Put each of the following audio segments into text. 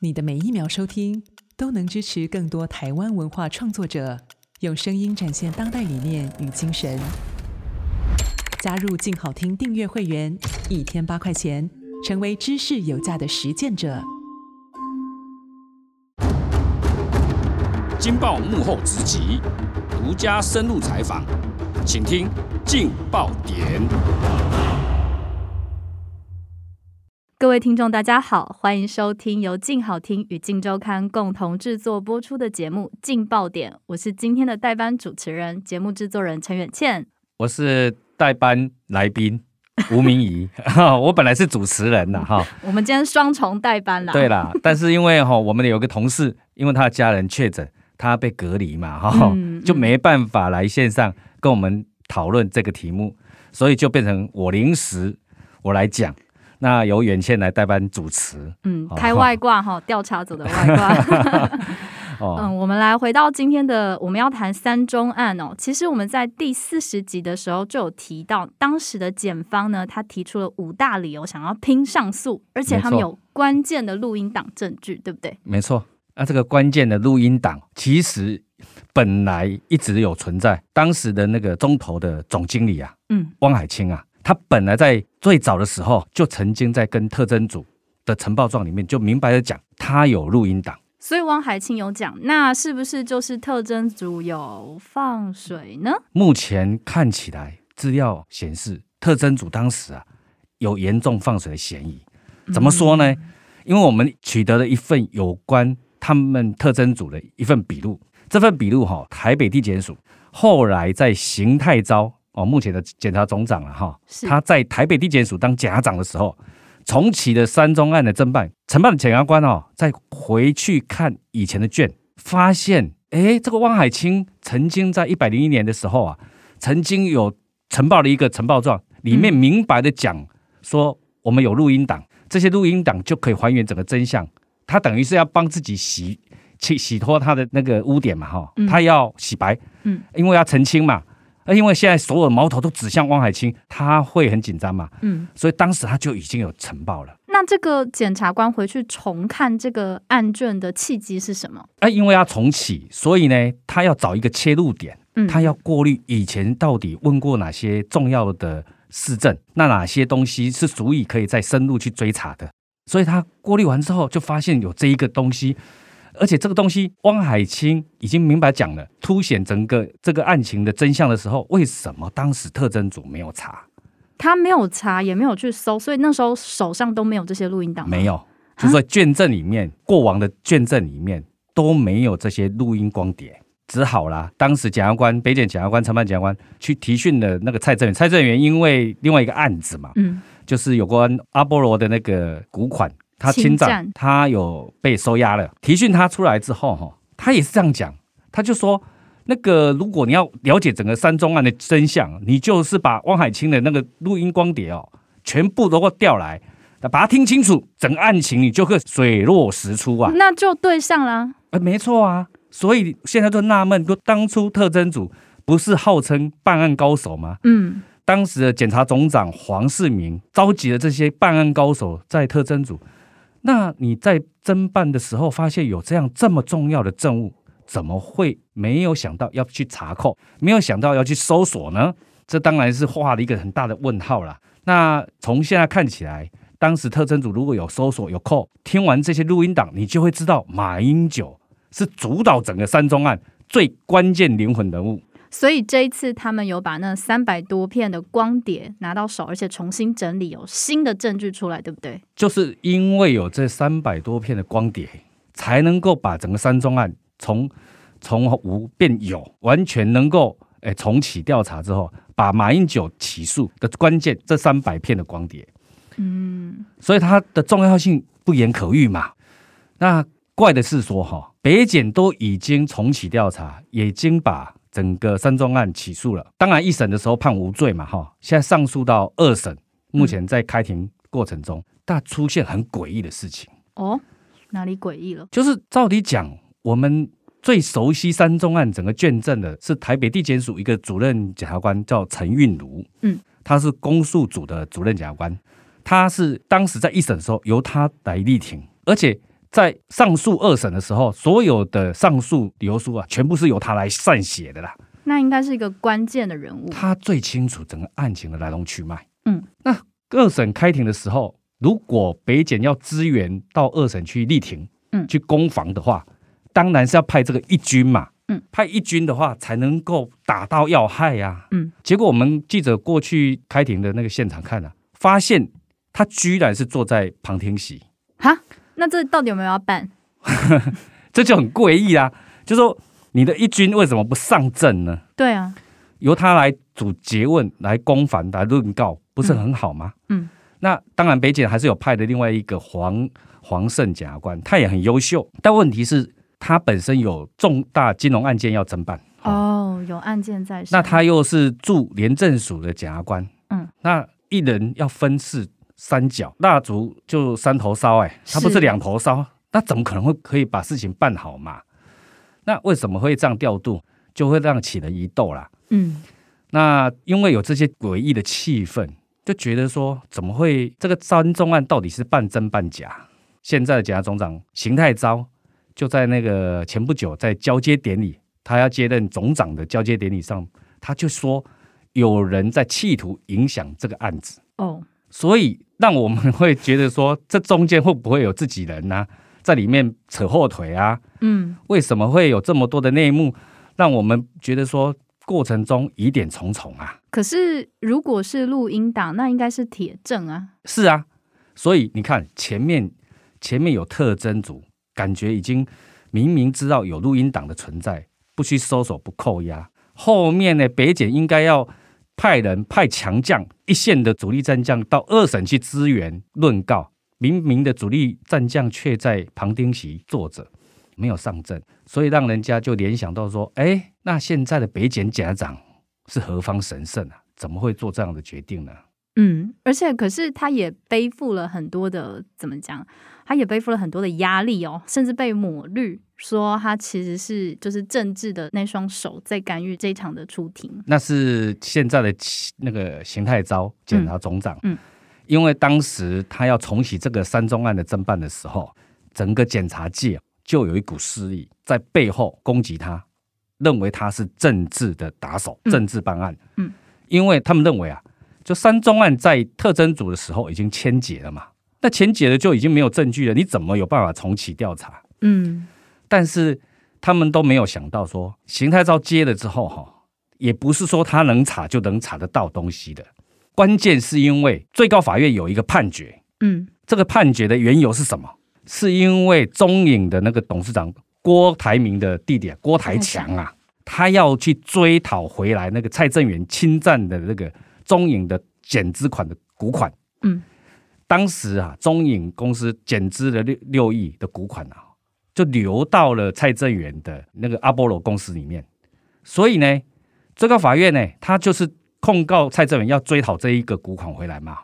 你的每一秒收聽，都能支持更多台灣文化創作者，用聲音展現當代理念與精神。加入鏡好聽訂閱會員，一天八塊錢，成為知識有價的實踐者。鏡爆幕後直擊，獨家深入採訪，請聽《鏡爆點》。各位聽眾，大家好，歡迎收聽由鏡好聽與鏡週刊共同製作播出的節目《鏡爆點》，我是今天的代班主持人、節目製作人陳遠倩，我是代班來賓吳明儀， 我本來是主持人哈，人 我們今天雙重代班了， 對啦，但是因為哈，我們有個同事，因為他的家人確診，他被隔離嘛，哈， 就沒辦法來線上跟我們討論這個題目，所以就變成我臨時我來講。那由遠倩來代班主持，嗯，開外掛哈，調、哦、查組的外掛。 嗯，哦、我們來回到今天的我們要談三中案哦。其實我們在第四十集的時候就有提到，當時的檢方呢，他提出了五大理由想要拼上訴，而且他們有關鍵的錄音檔證據，錯對不對？沒錯，那、啊、這個關鍵的錄音檔其實本來一直有存在，當時的那個中投的總經理啊，嗯，汪海清啊。他本來在最早的時候就曾經在跟特偵組的呈報狀裡面就明白的講，他有錄音檔。所以汪海清有講，那是不是就是特偵組有放水呢？目前看起來，資料顯示特偵組當時啊有嚴重放水的嫌疑。怎麼說呢？嗯、因為我們取得了一份有關他們特偵組的一份筆錄，這份筆錄哈、哦，台北地檢署後來在邢太招，哦，目前的檢察總長了、啊、哈，哦、是他在台北地檢署當檢察長的時候，重啟了三中案的偵辦，承辦的檢察官哦，再回去看以前的卷，發現哎、欸，這個汪海清曾經在一百零一年的時候啊，曾經有呈報了一個呈報狀，裡面明白的講說，我們有錄音檔，嗯、這些錄音檔就可以還原整個真相，他等於是要幫自己洗去洗脫他的那個污點嘛哈、哦，他要洗白，嗯，因為要澄清嘛。嗯嗯因為現在所有的矛頭都指向汪海清，他會很緊張嘛？嗯，所以當時他就已經有呈報了。那這個檢察官回去重看這個案卷的契機是什麼？因為要重啟，所以呢，他要找一個切入點，嗯、他要過濾以前到底問過哪些重要的事證，那哪些東西是足以可以再深入去追查的。所以他過濾完之後，就發現有這一個東西。而且這個東西，汪海清已經明白講了，凸顯整個這個案情的真相的時候，為什麼當時特偵組沒有查？他沒有查，也沒有去搜，所以那時候手上都沒有這些錄音檔。沒有，就是在卷證裡面蛤過往的卷證裡面都沒有這些錄音光碟，只好啦。當時檢察官北檢檢察官承辦檢察官去提訊了那個蔡正元，蔡正元因為另外一個案子嘛，嗯，就是有關阿波羅的那個股款。他親長，戰他有被收押了。提訊他出來之後，哈，他也是這樣講。他就說，那個如果你要了解整個三中案的真相，你就是把汪海清的那個錄音光碟哦，全部都給我調來，把它聽清楚，整個案情你就會水落石出啊。那就對上了。哎、欸，沒錯啊。所以現在就納悶，就當初特偵組不是號稱辦案高手嗎？嗯，當時的檢察總長黃世銘召集了這些辦案高手在特偵組。那你在偵辦的時候，發現有這樣這麼重要的證物，怎麼會沒有想到要去查扣，沒有想到要去搜索呢？這當然是畫了一個很大的問號啦。那從現在看起來，當時特偵組如果有搜索、有扣，聽完這些錄音檔，你就會知道馬英九是主導整個三中案最關鍵靈魂人物。所以這一次，他們有把那三百多片的光碟，拿到手，而且重新整理，有新的證據出來，對不對？就是因為有這三百多片的光碟，才能夠把整個三中案從從無變有，完全能夠誒、欸、重啟調查之後，把馬英九起訴的關鍵，這三百片的光碟，嗯，所以它的重要性不言可喻嘛。那怪的是說哈，北檢都已經重啟調查，已經把。整個三中案起訴了，當然一審的時候判無罪嘛，哈，現在上訴到二審，目前在開庭過程中，但、嗯、出現很詭異的事情哦，哪裡詭異了？就是照理講，我們最熟悉三中案整個卷證的是台北地檢署一個主任檢察官叫陳韻如。嗯，他是公訴組的主任檢察官，他是當時在一審的時候由他來蒞庭，而且。在上訴二審的時候，所有的上訴理由書啊，全部是由他來撰寫的啦，那應該是一個關鍵的人物，他最清楚整個案情的來龍去脈。嗯，那、啊、二審開庭的時候，如果北檢要支援到二審去蒞庭，嗯，去攻防的話，當然是要派這個一軍嘛。嗯，派一軍的話，才能夠打到要害呀、啊。嗯，結果我們記者過去開庭的那個現場看啊，發現他居然是坐在旁聽席。哈？那這到底有沒有要辦？ 這就很詭異啊！就說你的一軍為什麼不上陣呢？對啊，由他來主詰問、來攻防、來論告，不是很好嗎？嗯，嗯那當然，北檢還是有派的另外一個黃黃勝檢察官，他也很優秀，但問題是，他本身有重大金融案件要偵辦、嗯、哦，有案件在身，那他又是駐廉政署的檢察官，嗯，那一人要分飾。三角蠟燭就三頭燒、欸，哎，它不是兩頭燒，那是怎麼可能會可以把事情辦好嘛？那為什麼會這樣調度，就會讓起了疑竇啦？嗯，那因為有這些詭異的氣氛，就覺得說，怎麼會這個三中案到底是半真半假？現在的檢察總長邢泰釗，就在那個前不久在交接典禮，他要接任總長的交接典禮上，他就說有人在企圖影響這個案子哦，所以。讓我們會覺得說，這中間會不會有自己人呢、啊？在裡面扯後腿啊？嗯，為什麼會有這麼多的內幕？讓我們覺得說，過程中疑點重重啊。可是，如果是錄音檔，那應該是鐵證啊。是啊，所以你看前面，前面有特偵組，感覺已經明明知道有錄音檔的存在，不需搜索，不扣押。後面呢，北檢應該要。派人派強將一線的主力戰將到二省去支援論告，明明的主力戰將卻在旁聽席坐着，沒有上陣，所以讓人家就聯想到說：哎、欸，那現在的北檢檢察長是何方神聖啊？怎麼會做這樣的決定呢？嗯，而且可是他也背負了很多的，怎麼講？他也背負了很多的壓力哦，甚至被抹綠，說他其實是就是政治的那雙手在干預這一場的出庭。那是現在的那個邢泰釗檢察總長，嗯嗯、因為當時他要重啟這個三中案的偵辦的時候，整個檢察界就有一股勢力在背後攻擊他，認為他是政治的打手，政治辦案，嗯嗯、因為他們認為啊。就三中案在特偵組的時候已經簽結了嘛？那簽結了就已經沒有證據了，你怎麼有辦法重啟調查？嗯，但是他們都沒有想到說，邢泰釗接了之後哈、哦，也不是說他能查就能查得到東西的。關鍵是因為最高法院有一個判決，嗯，這個判決的緣由是什麼？是因為中影的那個董事長郭台銘的弟弟、啊、郭台強啊，嗯、他要去追討回來那個蔡正元侵占的那個。中影的減資款的股款，嗯，當時啊，中影公司減資了六六億的股款啊，就流到了蔡正元的那個阿波羅公司裡面。所以呢，最高法院呢，他就是控告蔡正元要追討這一個股款回來嘛。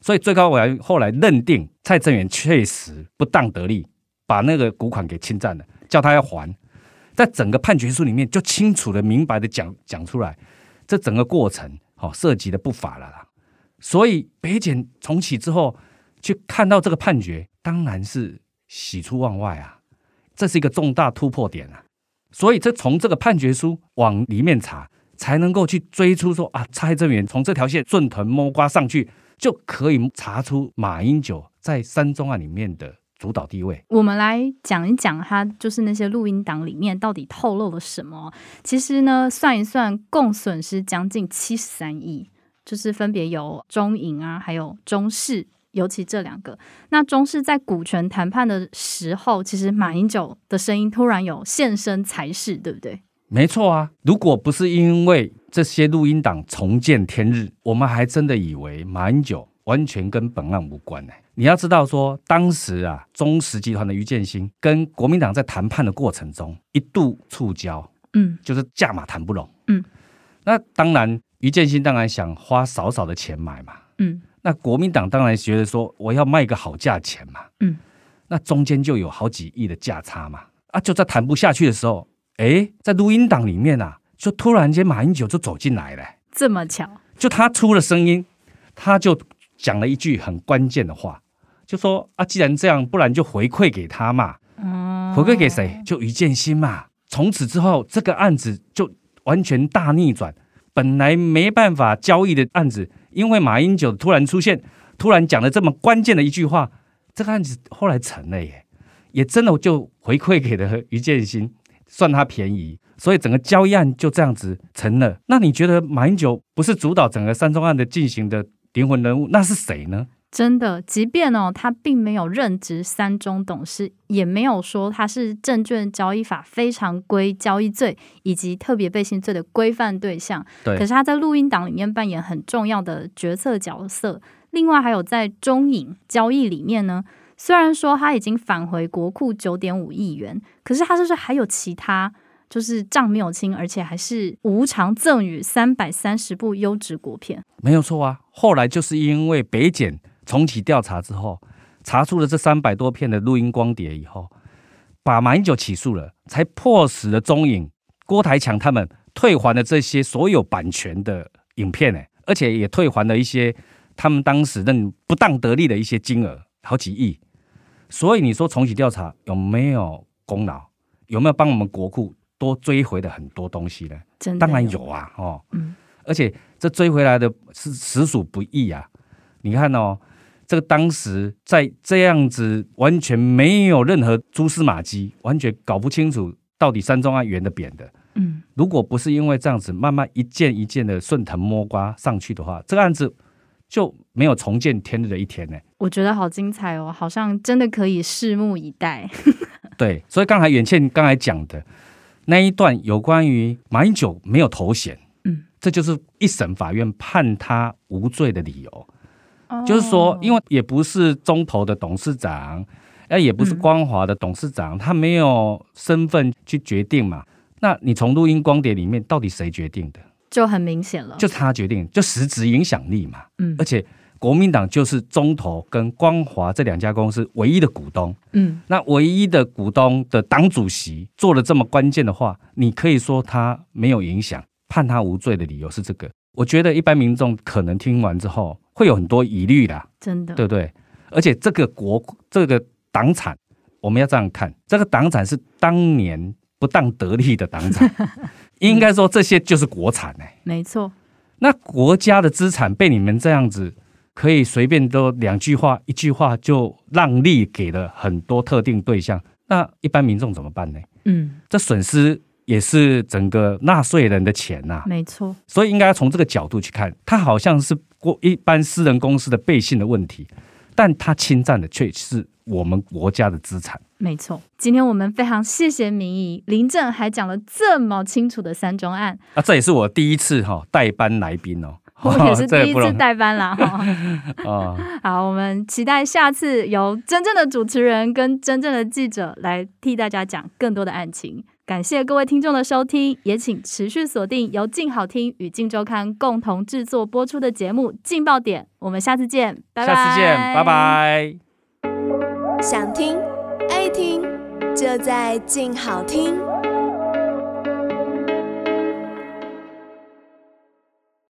所以最高法院後來認定蔡正元確實不當得利，把那個股款給侵占了，叫他要還。在整個判決書裡面，就清楚的、明白的講講出來這整個過程。哦、涉及的不法了啦，所以北檢重啟之後去看到這個判決，當然是喜出望外啊，這是一個重大突破點啊。所以這從這個判決書往裡面查，才能夠去追出說啊，蔡正元從這條線順藤摸瓜上去，就可以查出馬英九在三中案裡面的。主導地位。我們來講一講，它就是那些錄音檔裡面到底透露了什麼。其實呢，算一算，共損失將近七十三億，就是分別由中影啊，還有中視，尤其這兩個。那中視在股權談判的時候，其實馬英九的聲音突然有現身才是，對不對？沒錯啊，如果不是因為這些錄音檔重見天日，我們還真的以為馬英九。完全跟本案無關。欸、你要知道說，說當時啊，中時集團的余建新跟國民黨在談判的過程中一度觸礁，嗯，就是價碼談不攏，嗯，那當然，余建新當然想花少少的錢買嘛，嗯，那國民黨當然覺得說我要賣個好價錢嘛，嗯，那中間就有好幾億的價差嘛，嗯、啊，就在談不下去的時候，哎，在錄音檔裡面啊，就突然間馬英九就走進來了。欸，這麼巧，就他出了聲音，他就。講了一句很關鍵的話，就說啊，既然這樣，不然就回饋給他嘛。嗯、回饋給誰？就余建新嘛。從此之後，這個案子就完全大逆轉。本來沒辦法交易的案子，因為馬英九突然出現，突然講了這麼關鍵的一句話，這個案子後來成了耶，也真的就回饋給了余建新，算他便宜。所以整個交易案就這樣子成了。那你覺得馬英九不是主導整個三中案的進行的？靈魂人物那是誰呢？真的，即便呢、哦，他並沒有任職三中董事，也沒有說他是證券交易法非常規交易罪以及特別背信罪的規範對象。對。可是他在錄音檔裡面扮演很重要的決策角色。另外還有在中影交易裡面呢，雖然說他已經返回國庫九點五億元，可是他就是還有其他。就是賬沒有清，而且還是無償贈與三百三十部優質國片，沒有錯啊。後來就是因為北檢重啟調查之後，查出了這三百多片的錄音光碟以後，把馬英九起訴了，才迫使了中影、郭台強他們退還了這些所有版權的影片，哎，而且也退還了一些他們當時那不當得利的一些金額，好幾億。所以你說重啟調查有沒有功勞？有沒有幫我們國庫？多追回的很多東西呢，真的當然有啊，哦，嗯、而且這追回來的是實屬不易啊。你看哦，這個當時在這樣子，完全沒有任何蛛絲馬跡，完全搞不清楚到底三中案圓的扁的。嗯，如果不是因為這樣子，慢慢一件一件的順藤摸瓜上去的話，這個案子就沒有重見天日的一天呢、欸。我覺得好精彩哦，好像真的可以拭目以待。 對，所以剛才遠倩剛才講的。那一段有關於馬英九沒有頭銜，嗯、這就是一審法院判他無罪的理由，哦、就是說，因為也不是中投的董事長，也不是光華的董事長，嗯、他沒有身份去決定嘛。那你從錄音光碟裡面，到底誰決定的？就很明顯了，就他決定，就實質影響力嘛。嗯、而且。國民黨就是中投跟光華這兩家公司唯一的股東，嗯，那唯一的股東的黨主席做了這麼關鍵的話，你可以說他沒有影響？判他無罪的理由是這個。我覺得一般民眾可能聽完之後會有很多疑慮啦，真的，對不對？而且這個國這個黨產，我們要這樣看，這個黨產是當年不當得利的黨產， 應該說這些就是國產欸，沒錯。那國家的資產被你們這樣子。可以隨便都兩句話，一句話就讓利給了很多特定對象，那一般民眾怎麼辦呢？嗯，這損失也是整個納稅人的錢吶、啊，沒錯。所以應該從這個角度去看，它好像是過一般私人公司的背信的問題，但它侵佔的卻是我們國家的資產。沒錯。今天我們非常謝謝民意林正還講了這麼清楚的三中案，啊，這也是我第一次哈、哦、代班來賓哦。我也是第一次代班了哈，哦、 好，我們期待下次由真正的主持人跟真正的記者來替大家講更多的案情。感謝各位聽眾的收聽，也請持續鎖定由鏡好聽與鏡週刊共同製作播出的節目《鏡爆點》，我們下次見，拜拜。下次見，拜拜。想聽愛聽，就在鏡好聽。